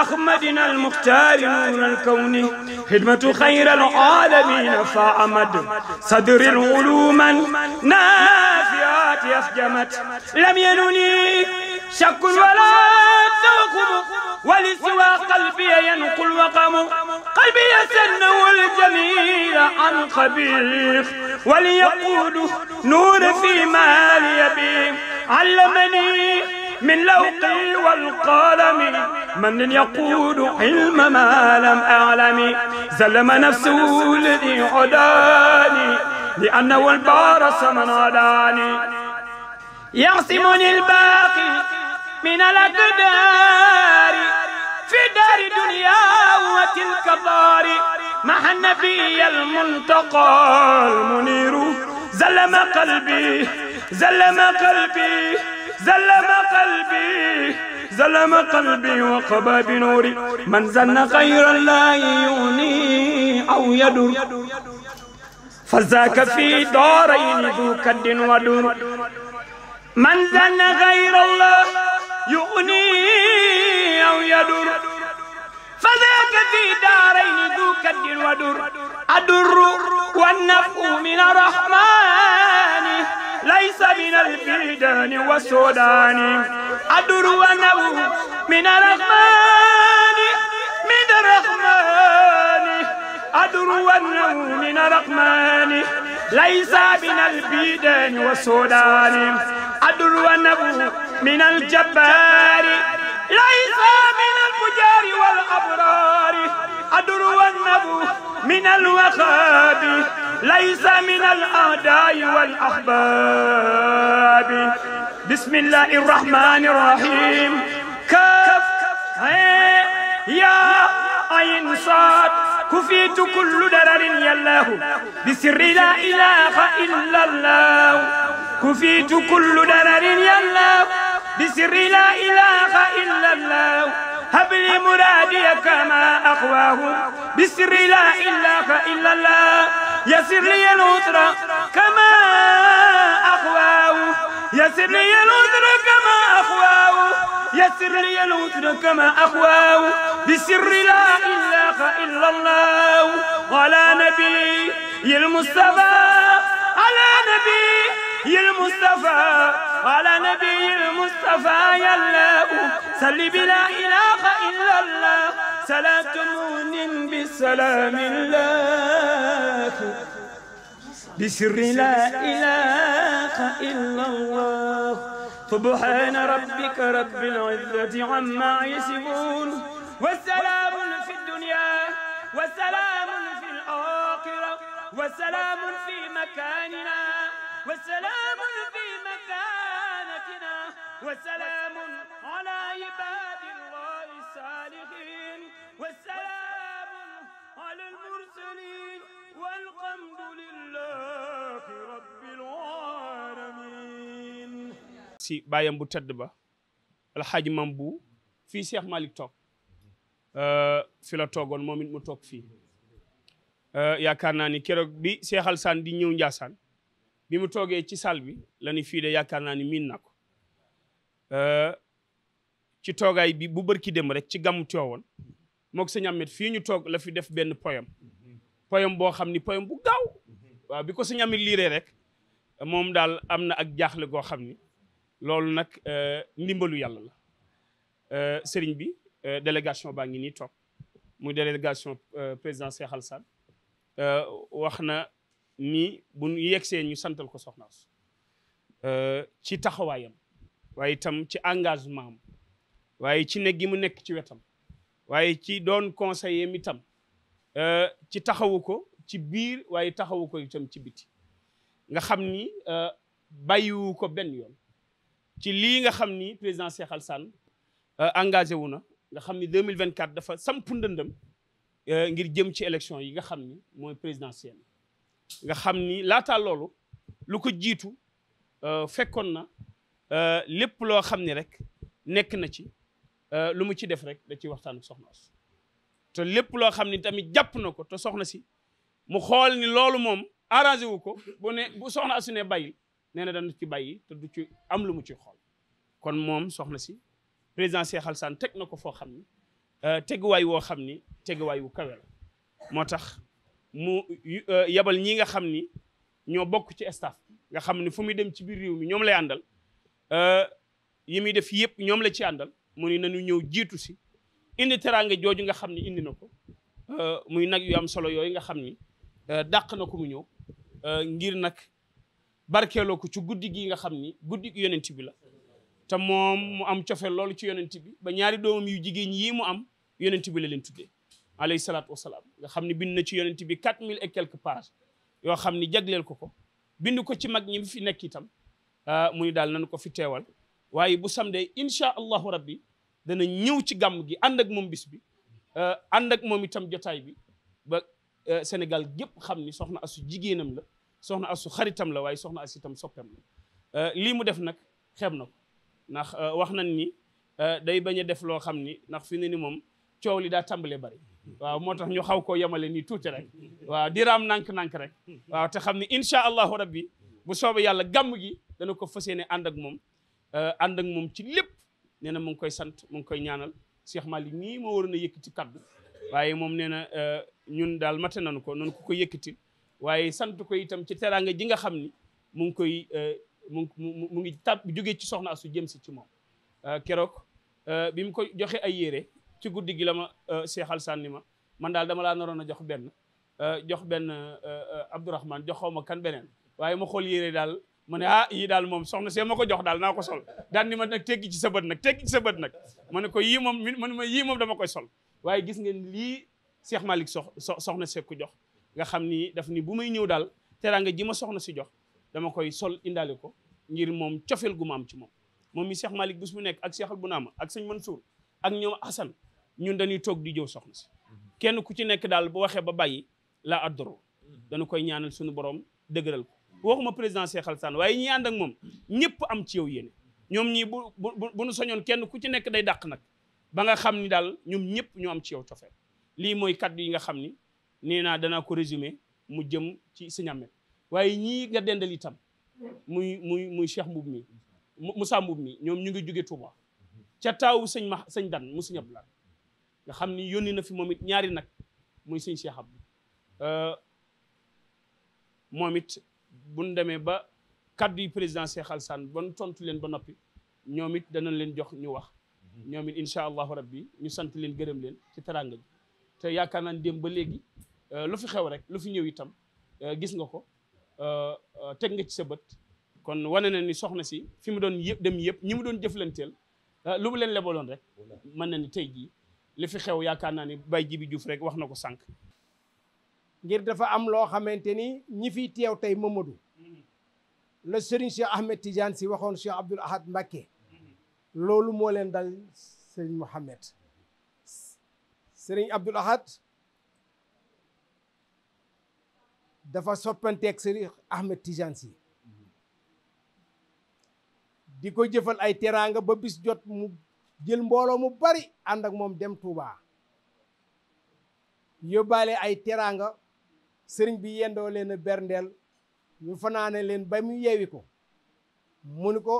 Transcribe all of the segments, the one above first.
أخمدنا المختار نور الكون خدمة خير العالمين فأمد صدر العلوم نافعات أفجمت لم ينني شك ولا توقم ولسوى قلبي ينقل وقم قلبي يسنه الجميل عن قبيح وليقود نور في مال يبي علمني من لوقي والقلم من يقود علم ما لم أعلم زلم نفسه الذي عداني لأنه البارس من عداني يعصمني الباقي من الأقدار في دار دنيا وتلك الدار مع النبي الملتقى المنير زلم قلبي زلم قلبي زلم قلبي زلم قلبي وقبى بنوري من زن غير الله يغني أو يدر فذاك في دارين ذو كد ودر من زن غير الله يغني أو يدر فذاك في دارين ذو كد ودر أدر والنفع من رحمانه ليس من البلدان والسودان أدر ونو من الرحمن من الرحمن أدر ونو من الرحمن ليس من البلدان والسودان أدر ونو من الجبار ليس من الفجار والأبرار أدر ونو من الوخاب ليس من الأعداء والأحباب بسم الله الرحمن الرحيم كف يا عين صاد كفيت كل درر يا الله بسر لا إله إلا الله كفيت كل درر يا الله بسر لا إله إلا الله هب لي مرادي كما أخواه بسر لا إله إلا الله يسر لي العسر كما أخواه يسر لي العسر كما أخواه يسر لي العسر كما أخواه بسر لا إله إلا الله وعلى نبي المصطفى على نبي المصطفى على نبي المصطفى يا الله صل بلا إله إلا الله صلاة بسلام الله بسر لا إله إلا الله سبحان ربك رب العزة عما يصفون والسلام في الدنيا والسلام في الآخرة والسلام في مكاننا والسلام في مكانتنا والسلام si bàyyam bu tedd ba alxaaji mam bu fii Cheikh malik toog euh, fi la toogoon moom mu toog fii euh, yaakaar naa ni keroog bi seexal Alassane di ñëw Ndiassane bi mu toogee ci salle bi la fii de yaakaar naa ni miin na ko euh, ci toogaay bi bu bërki dem rek ci gàmmu Tiwaawoon mook sëñ Amet fii ñu toog la fi def benn poème poyom boo xam ni poème bu gaaw waaw bi ko sëñ Amet liiree rek moom daal am na ak jaaxle goo xam ni loolu nag euh, ndimbalu yàlla la euh, sëriñ bi euh, délégation baa ngi nii toog muy délégation président Cheikh Alassane wax na ni bu ñu yegsee ñu santal ko soxna su ci taxawaayam waaye itam ci engagement am waaye ci ne gi mu nekk ci wetam waaye ci doon conseiller mi tam ci taxawu ko ci biir waaye taxawu ko itam ci biti nga xam ni bàyyiwu ko benn yoon ci lii nga xam ni président Cheikh Alassane euh, engagé wu na nga xam ni mille 2024 dafa samp ndëndëm euh, ngir jëm ci élection yi nga xam ni mooy présidentielle nga xam ni laataa loolu lu ko jiitu euh, fekkoon na lépp loo xam ni rek nekk na ci lu mu ci def rek da ciy waxtaan ak soxna si te lépp loo xam ni tamit jàpp na ko te soxna si mu xool ni loolu moom arrangé wu ko bu ne bu soxna su ne bàyyil nee na ci bàyyi te du ci am lu mu ci xool kon moom soxna si président Cheikh Alassane teg na ko foo xam ni euh, teguwaay woo xam ni teguwaay wu kawe la moo tax mu yabal euh, ñi nga xam ni ñoo bokk ci staff nga xam ni fu muy dem ci biir réew mi ñoom lay àndal euh, yi muy def yëpp ñoom la ci àndal mu ni nañu ñëw jiitu si indi teraanga jooju nga xam ni indi na ko muy nag yu am solo yooyu nga xam ni dàq na ko mu ñëw ngir nag barkeeloo ko ci guddi gi nga xam ni guddi gi yonent bi la te moom mu am cofe loolu ci yonent bi ba ñaari doomam yu jigéen yi mu am yonent bi la leen tuddee alayhi salaatu wasalaam nga xam ne bind na ci yonent bi quatre mille et quelques yoo xam ni jagleel ko ko bind ko ci mag ñi fi nekk itam ah, mu ni daal nañu ko fi teewal waaye bu samdee incha allahu rabbi dana ñëw ci gàmm gi ànd ak moom bis bi ah, ànd ak moom itam jotaay bi ba ah, Sénégal gépp xam ni soxna asu jigéenam la soxna su xaritam la waaye soxna as itam soppeem la euh, lii mu def nag xeeb na ndax euh, wax nañ ni euh, day bañ a def loo xam ni ndax fi ne ni moom coow li daa tàmbalee bari waaw moo tax ñu xaw koo yemale nii tuuti rek waaw diraam nànk-nànk rek waaw te xam ni incha allahu rabbi bu soobee yàlla gàmm gi dana ko fas yéene ànd ak moom ànd ak moom ci lépp nee na mu ngi koy sant mu ngi koy ñaanal Cheikh Malick nii moo waroon a yëkkati kaddu waaye moom nee na ñun daal mate nañu ko noonu ku ko yëkkati waaye sant ko itam ci teraanga ji nga xam ni mu ngi koy euh, mu ngi mu ngi tàb jóge ci soxna su jëm si ci moom euh, keroog euh, bi mu ko joxe ay yére ci guddi gi la ma seexal sànni ma man daal dama laa naroon a jox benn jox benn Abdourahman joxoo ma kan beneen waaye ma xool yére daal ma ne ah yii daal moom soxna see ma ko jox daal naa ko sol daan ni ma nag teggi ci sa bët nag teggi ci sa bët nag ma ne ko yii moom ma ne ma yii moom dama koy sol waaye gis ngeen lii Seex Malick sox soxna see ko jox nga xam ni daf ni bu may ñëw daal teraanga ji ma soxna si jox dama koy sol indaale ko ngir moom cofeel gu ma am ci moom moom mi Cheikh Malick bis mu nekk ak Cheikh Albunaama ak sëñ Mansour ak ñoom Assane ñun dañuy toog di jëw soxna kenn ku ci nekk daal bu waxee ba bàyyi la addoro dañu koy ñaanal suñu borom dëgëral ko waxuma président Cheikh Alassane waaye ñi ak moom ñëpp am ci yow yéene ñoom ñii bu soñoon kenn ku ci nekk day dàq nag ba nga xam ni daal ñoom ñëpp ñu am ci yow cofeel lii mooy kaddu yi nga xam ni nee naa dana ko résumé mu jëm ci sëñ Ahmed waaye ñii nga dendal itam muy muy muy Cheikh Mbuub mi Moussa Mbuub mi ñoom ñu ngi jóge Touba ca taawu sëñ ma sëñ Dan mu sëñ Abdoulaye nga xam ni yónni na fi moom it ñaari nag muy sëñ Cheikh Abdou euh, moom it buñ demee ba kaddu yi président Cheikh Alassane ba nu tontu leen ba noppi ñoom it danañ leen jox ñu wax mhm. ñoom it incha allahu rabbi ñu sant leen gërëm leen ci teranga ji te yaakaar naa dem ba léegi Euh, lu fi xew rek lu fi ñëw itam euh, gis nga ko euh, teg nga ci sa bët kon wane na ni soxna si fi mu doon yëpp dem yëpp ñi mu doon jëflanteel lu mu leen lebaloon rek mën na ni tey jii li fi xew yaakaar naa ni Baye Jibi Diouf rek wax na ko sànq ngir dafa am loo xamante ni ñi fi teew tey Mamadou la Serigne Cheikh Ahmed Tidiane si waxoon Cheikh Abdoul Ahad Mbacké loolu moo leen dal Serigne Mohamed Serigne Abdoul Ahad dafa soppanteek Serigne Ahmed Tidiane Sy di ko jëfal ay teraanga ba bis jot mu jël mbooloo mu bari ànd ak moom dem Touba yóbbaale ay teraanga sëriñ bi yendoo leen berndeel ñu fanaane leen ba mu yeewi ko mu ni ko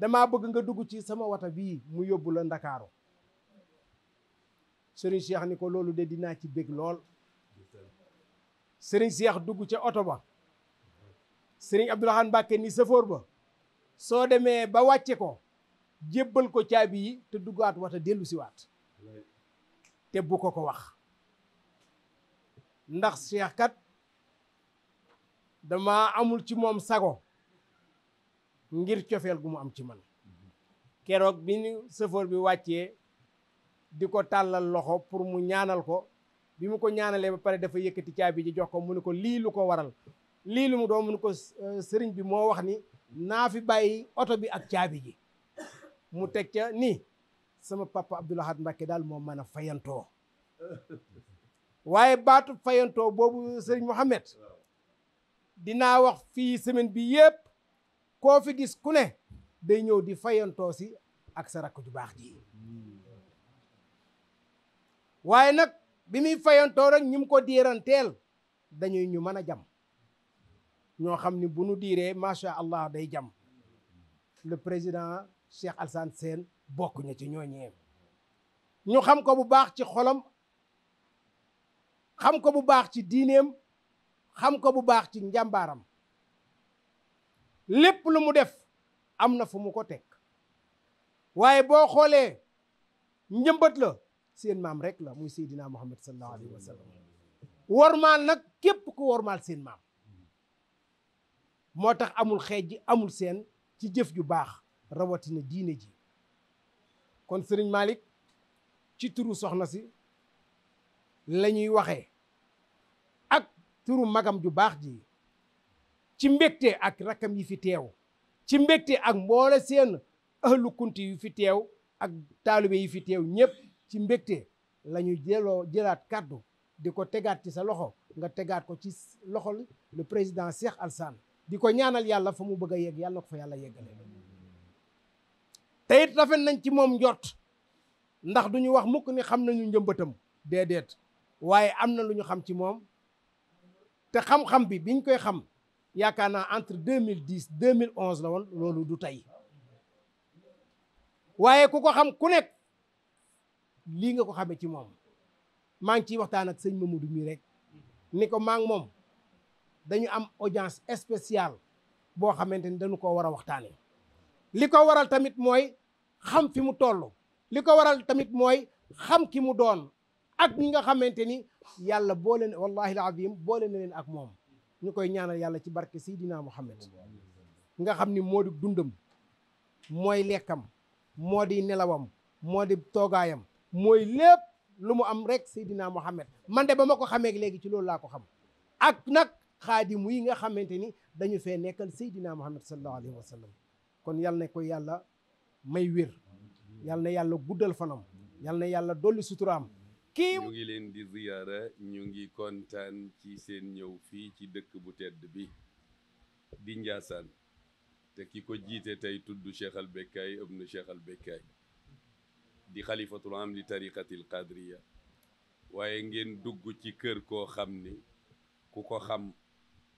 damaa bëgg nga dugg ci sama wata bii mu yóbbu la Ndakaaru sëriñ Cheikh ni ko loolu de dinaa ci bég lool sëriñ Seex dugg ca oto ba sëriñ Abdourahmane Mbàkke ni sëfoor ba soo demee ba wàcce ko jébbal ko caabi yi te dugg at wata dellu siwaat te bu ko ko wax ndax Seex kat dama amul ci moom sago ngir cofeel gu mu am ci man keroog bi ñu sëfoor bi wàccee di ko tàllal loxo pour mu ñaanal ko bi mu ko ñaanalee ba pare dafa yëkkati caabi ji jox ko mu ne ko lii lu ko waral lii lu mu doon mu ne ko euh, sëriñ bi moo wax ni naa fi bàyyi oto bi ak caabi ji mu teg ca ni sama papa Abdou Lahad daal moo mën a fayantoo waaye baatu fayantoo boobu sëriñ Mohamed dinaa wax fii semaine bi yépp koo fi gis ku ne day ñëw di fayantoo si ak sa rakk ju baax ji hmm. waaye nag bi muy fayantoo rek ñu ko diiranteel dañuy ñu mën a jam ñoo xam ni bu nu diiree macha allah day jam le président Cheikh Alassane Sène bokk na ci ñooñee ñu xam ko bu baax ci xolam xam ko bu baax ci diineem xam ko bu baax ci njàmbaaram lépp lu mu def am na fu mu ko teg waaye boo xoolee njëmbat la seen maam rek la muy Seydina Muhammad sallallahu alayhi wa sallam wormaal nag képp ku wormaal seen maam moo tax amul xeej ji amul seen ci jëf ju baax rawatina diine ji kon sëriñ Malick ci turu soxna si la ñuy waxee ak turu magam ju baax ji ci mbégte ak rakkam yi fi teew ci mbégte ak mboole seen ahlu kunti yu fi teew ak taalibe yi fi teew ñëpp ci mbégte la ñu jëloo jëlaat kàddu di ko tegaat ci sa loxo nga tegaat ko ci loxo le président Cheikh Alassane di ko ñaanal yàlla fa mu bëgg a yegg yàlla na ko fa yàlla yeggale te it rafet nañ ci moom njort ndax du duñu wax mukk ni xam nañu njëmbatam déedéet waaye am na lu ñu xam ci moom te xam-xam bi biñ koy xam yaakaar naa entre deux mille dix deux mille onze la woon loolu du tey waaye ku ko xam ku nekk lii nga ko xamee ci moom maa ngi ciy waxtaan ak sëñ mu du mi rek ni ko maa moom dañu am audience spéciale boo xamante ni dañu ko war a waxtaanee. li ko waral tamit mooy xam fi mu toll li ko waral tamit mooy xam ki mu doon ak ñi nga xamante ni yàlla boole na wallaahi alazim boole na leen ak moom ñu koy ñaanal yàlla ci barke Seydina Muhammad nga xam ni moo di dundam mooy lekkam moo di nelawam moo di toogaayam. mooy lépp lu mu am rek Seydina Mohamed man de ba ma ko xamee léegi ci loolu laa ko xam ak nag xaadimu yi nga xamante ni dañu fee nekkal Seydina Mohamed sallallahu alayhi wa sallam kon yal na ko yàlla may wér yal na yàlla guddal fanam yal na yàlla dolli suturaam. kii mu ngi leen di ziyaara ñu ngi kontaan ci seen ñëw fii ci dëkk bu tedd bi di Njaasaan te ki ko jiite tey tudd Cheikh Al Bekkay ibnu Cheikh Al di xalifatul am li tariqatil qadriya waaye ngeen dugg ci kër koo xam ni ku ko xam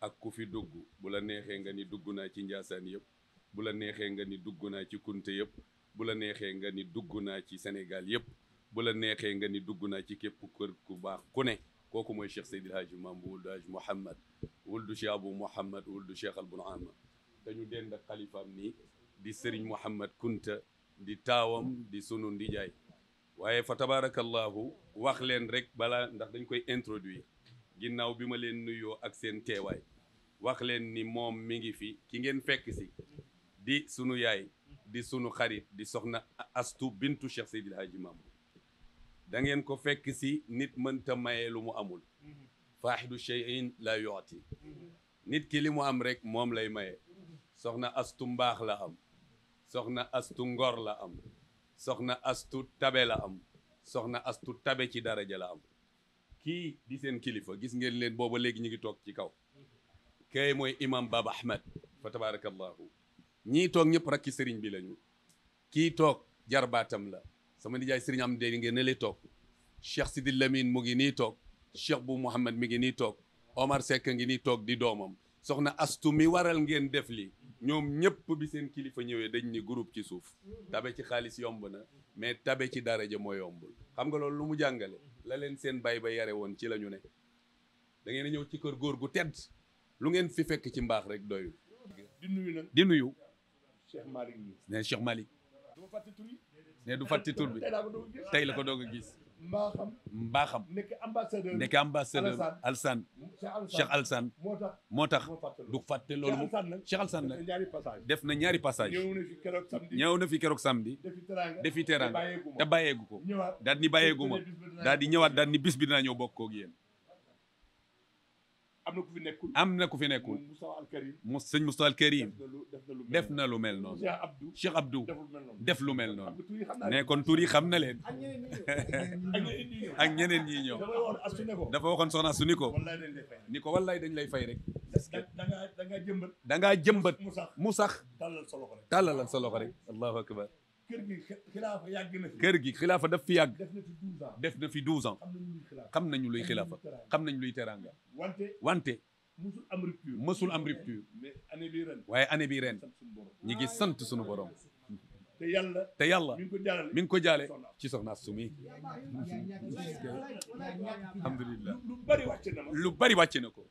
ak ku fi dugg bu la neexee nga ni dugg naa ci njaasaan yëpp bu la neexee nga ni dugg naa ci kunte yëpp bu la neexee nga ni dugg naa ci senegal yëpp bu la neexee nga ni dugg naa ci képp kër ku baax ku ne kooku mooy cheikh Seydil Hadj Maam bu wuldu Hadj Mouhammad wuldu cheikh Abou Mouhammad wuldu cheikh Albouna Ama dañu dend ak xalifaam nii di Serigne Mouhammad Kunta di taawam di sunu ndijaay waaye fa tabarakallahu wax leen rek balaa ndax dañ koy introduire ginnaaw bi ma leen nuyoo ak seen teewaay wax leen ni moom mi ngi fi ki ngeen fekk si di sunu yaay di sunu xarit di soxna astu bintu Cheikh Seydil Hadji dangeen ko fekk si nit mënta maye lu mu amul faaxidu cheyin la yuati nit ki li mu am rek moom lay maye soxna astu mbaax la am soxna astu ngor la am soxna astu tabe la am soxna astu tabe ci daraja la am kii di seen kilifa gis ngeen leen booba léegi ñu ngi toog ci kaw kay mooy imam Baba Ahmed fa tabarakallahu ñii toog ñëpp rakki sëriñ bi lañu kii toog jarbaatam la sama nijaay sëriñam am ngeen ne lay toog Cheikh Sidi Lamine mu ngi nii toog Cheikh bu Mouhamad mi ngi nii toog Omar Seck ngi nii toog di doomam soxna astu mi waral ngeen def lii ñoom ñëpp bi seen kilifa ñëwee dañ ni groupe ci suuf mhm. tabe ci xaalis yomb na mais tabe ci daraja moo yombul xam nga loolu lu mu jàngale la leen seen bay ba yare woon ci la ñu ne da ngeen ñëw ci kër góor gu tedd lu ngeen fi fekk ci mbaax rek doyul. di nuyu nag di nuyu. Cheikh Malick ne Cheikh Malick. ne du fàtte tur bi tey la ko doog a gis. mbaaxam mbaaxam nekk ambassadeur nekk alsan Alsane Cheikh Alsane moo tax moo tax du fàtte loolu moom Cheikh Alsane nag def na ñaari passage ñëw na fi keroog samedi defi teraanga te bàyyeegu ko daal ni bàyyeegu daal di ñëwaat daal ni bis bi dinaa ñëw bokk koog yéen am na ku fi nekkul am na ku fi nekkul. mu sëñ Moustapha Al Karim def na lu mel noonu. Cheikh Abdou def lu mel noonu. ne kon tur yi xam na leen. ak ñeneen ñi ñëw. dafa waxoon soxna su ni ko. ni ko wallaay dañ lay fay rek. dangaa jëmbat. dangaa jëmbat mu sax. mu sax. tàllalal sa loxo rek. allahu akbar kër gi xilaafa yàgg na fi. kër gi xilaafa daf yàgg. def na fi douze ans def na fi douze ans. xam nañu luy xilaafa xam nañu luy teraanga. wante wante. mësul am rupture am rupture. mais année bii ren. waaye année bii ren ñi ngi sant suñu borom. te yàlla te yàlla mi ngi ko jaale ci soxna sumi alhamdulilah lu bari wàcce na lu bari wàcce na ko.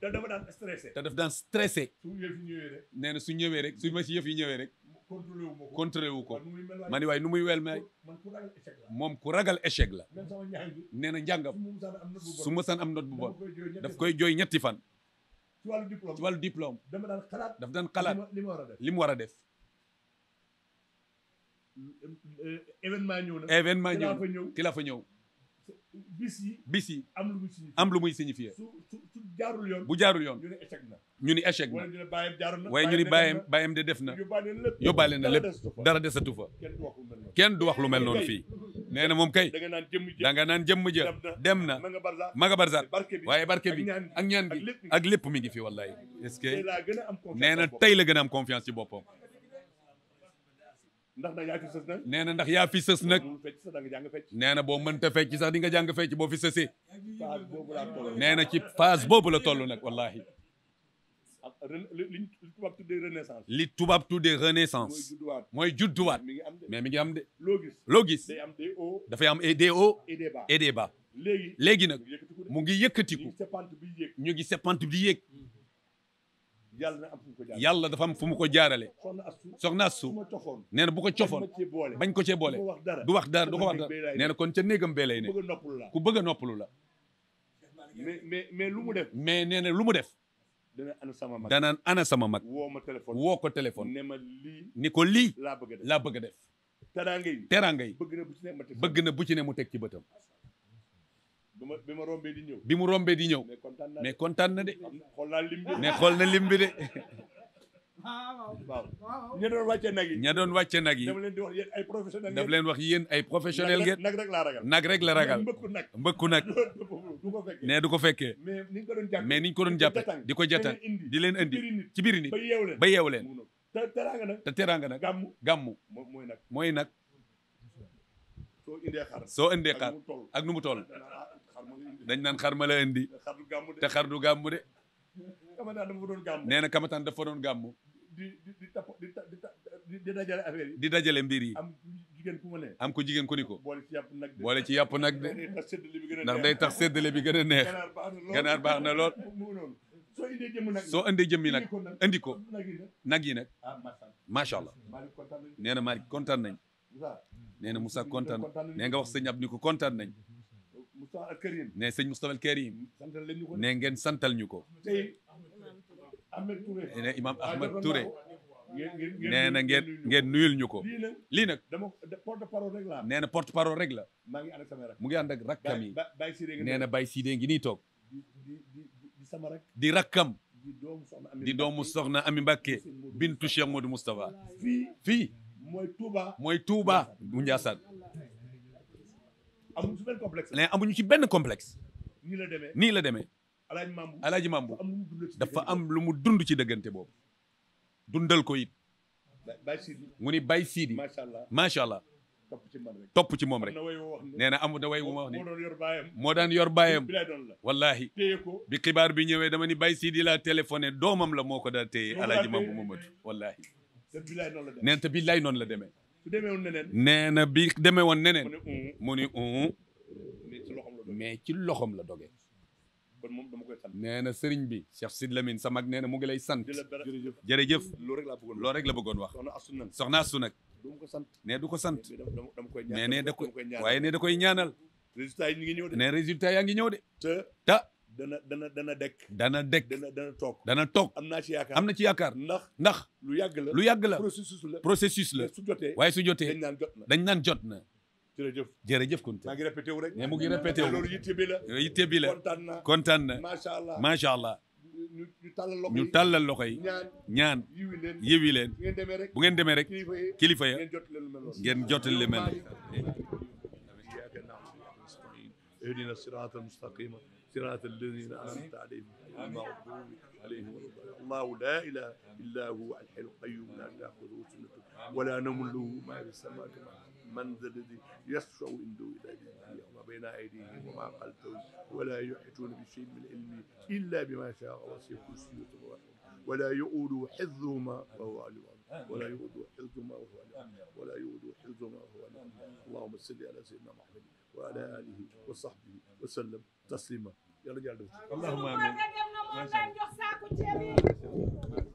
te dafa daan stressé. te daf daan stressé. su yëf yi ñëwee rek. su ñëwee rek su ma yëf yi ñëwee rek. contrôlé wu ko ma ni waaye nu muy wel may moom ku ragal échec la nee na njàngam su ma saan am not bu bon daf koy jooy ñetti fan ci wàllu diplôme daf daan xalaat li mu war a def événement ñëw na ki la fa ñëw bis yi am lu muy signifié am lu su su jaarul bu jaarul yoon ñu ni échec na ñu ni échec na waaye ñu ni bàyyam de def na yóbbaale na lépp dara desatu fa kenn du wax lu mel noonu fii nee na moom kay da nga naan jëmm ja dem na ma nga barsaat waaye barke bi ak ñaan gi ak lépp mi ngi fi wallaay est-ce que nee na tey la gën am confiance ci boppam ndax ndax yaa fi sës nag. nee na ndax yaa fi sës nag. nee na boo mënta fecc sax di nga jàng fecc boo fi sësee. nee na ci phase boobu la toll nag wallaahi. li tubaab tuddee renaissance. li tubaab tuddee renaissance. mooy judduwaat mais mi ngi am de. loo gis dafay am des hauts et des bas. léegi nag mu ngi yëkkatiku ñu ngi seppant bi yéeg. yàlla dafa am fu mu ko jaarale soxna Astou nee na bu ko cofoon bañ ko cee boole du wax dara du ko wax dara nee na kon ca néegam bee lay ne ku bëgg a noppalu la mais mais lu mu def mais nee na lu mu def danaan ana sama mag woo ko téléphone ni ko lii laa bëgg a def teraanga yi bëgg na bu ci mu teg ci bëtam bi ma rombee di ñëw bi mu rombee di ñëw mais kontaan na de xool naa lim bi mais xool na lim bi de waaw ña doon wàcce nag yi doon wàcce nag yi daf leen di wax yéen ay professionnel daf leen wax yéen ay professionnel ngeen nag rek la ragal nag rek la ragal mbëkku nag mbëkku nag du ko fekkee nee du ko fekkee mais ni ñu ko doon jàppe di ko jatan di leen indi ci biir nit ba yeew leen te teraanga nag te teraanga nag gàmmu gàmmu mooy nag mooy nag soo indee xar soo indee xar ak nu mu toll ah, dañ naan xar ma la indi te xar du gàmmu de nee na kamataan dafa doon gàmmu di di di di dajale affaire yi di dajale mbir am ko jigéen ku ni ko boole ci yàpp nag de ndax day tax séddale bi gën a neex ganaar baax na lool soo indee jëmmi nag indi ko nag yi nag ah, macha allah nee na Malick kontaan nañ nee na Moussa kontaan nee nga wax sëñ ab ko kontaan nañ Moustapha al Karim ne sëñ Moustapha al Karim santal leen ñu ko ne ngeen santal ñu ko tey Ahmed Touré ne Imam Ahmed Touré nee na ngeen ngeen nuyul ñu ko lii nag dama porte parole rek la nee rek la maa ngi ànd ak sama rak mu ngi ànd ak rakkam yi nee na Baye Sidé ngi nii toog di sama di rakkam di doomu soxna Ami Mbacké bintu Cheikh Modou Moustapha fii mooy Touba mooy Touba bu Ndiassane amuñu ci amuñu ci benn complexe. nii la demee nii la demee. alaaji mambu alaaji mambu dafa am lu mu dund ci dëggante boobu. dundal ko it. bay siidi mu ni bay siidi. macha allah macha allah. ci man rek topp ci moom rek nee na amu da way wu ma wax ne moo daan yor baayam wallahi bi xibaar bi ñëwee dama ni bay siidi laa téléphoné doomam la moo ko daa téye alaaji mambu mamadu wallahi neen te billaay noonu la demee nee na bi demee woon neneen. mu ni un. mais ci loxom la doge. nee na sëriñ bi Cheikh Sid Lamine sa mag nee na mu gi lay sant. jërëjëf loo rek la bëggoon wax. soxna Astou nag. nee du ko sant. mais nee da koy waaye nee da koy ñaanal. nee résultat ya ngi ñëw de. ta dana dana dana dekk. dana dekk dana dana toog. dana toog am naa ci yaakaar am na ci yaakaar. ndax ndax lu yàgg la lu yàgg la processus la processus la su jotee. waaye su jotee dañ naan jot na dañ naan jot na. jërëjëf jërëjëf Kounta maa ngi répété wu rek. mais mu ngi répété wu loolu yitte bi la. yitte bi la kontaan na kontaan na macha allah macha allah. ñu ñu tàllal loxo ñu tàllal loxo yi ñaan yiwi leen bu ngeen demee rek kilifa ya ngeen jotali lu mel noonu. اهدنا الصراط المستقيم صراط الذين انعمت عليهم المغضوب عليهم الله لا اله الا هو الحي القيوم لا تاخذه سنه ولا نوم له ما في السماوات من ذا الذي يشفع عنده الا باذنه يوم بين ايديهم وما خلفهم ولا يحيطون بشيء من علمه الا بما شاء وسع كرسيه ولا يؤود حفظهما وهو علي ولا يؤود حفظهما وهو علي ولا يؤود حفظهما وهو علي اللهم صل على سيدنا محمد wa ala alihi wa sahbihi wa sallam taslima yàlla jàll def allahumma amin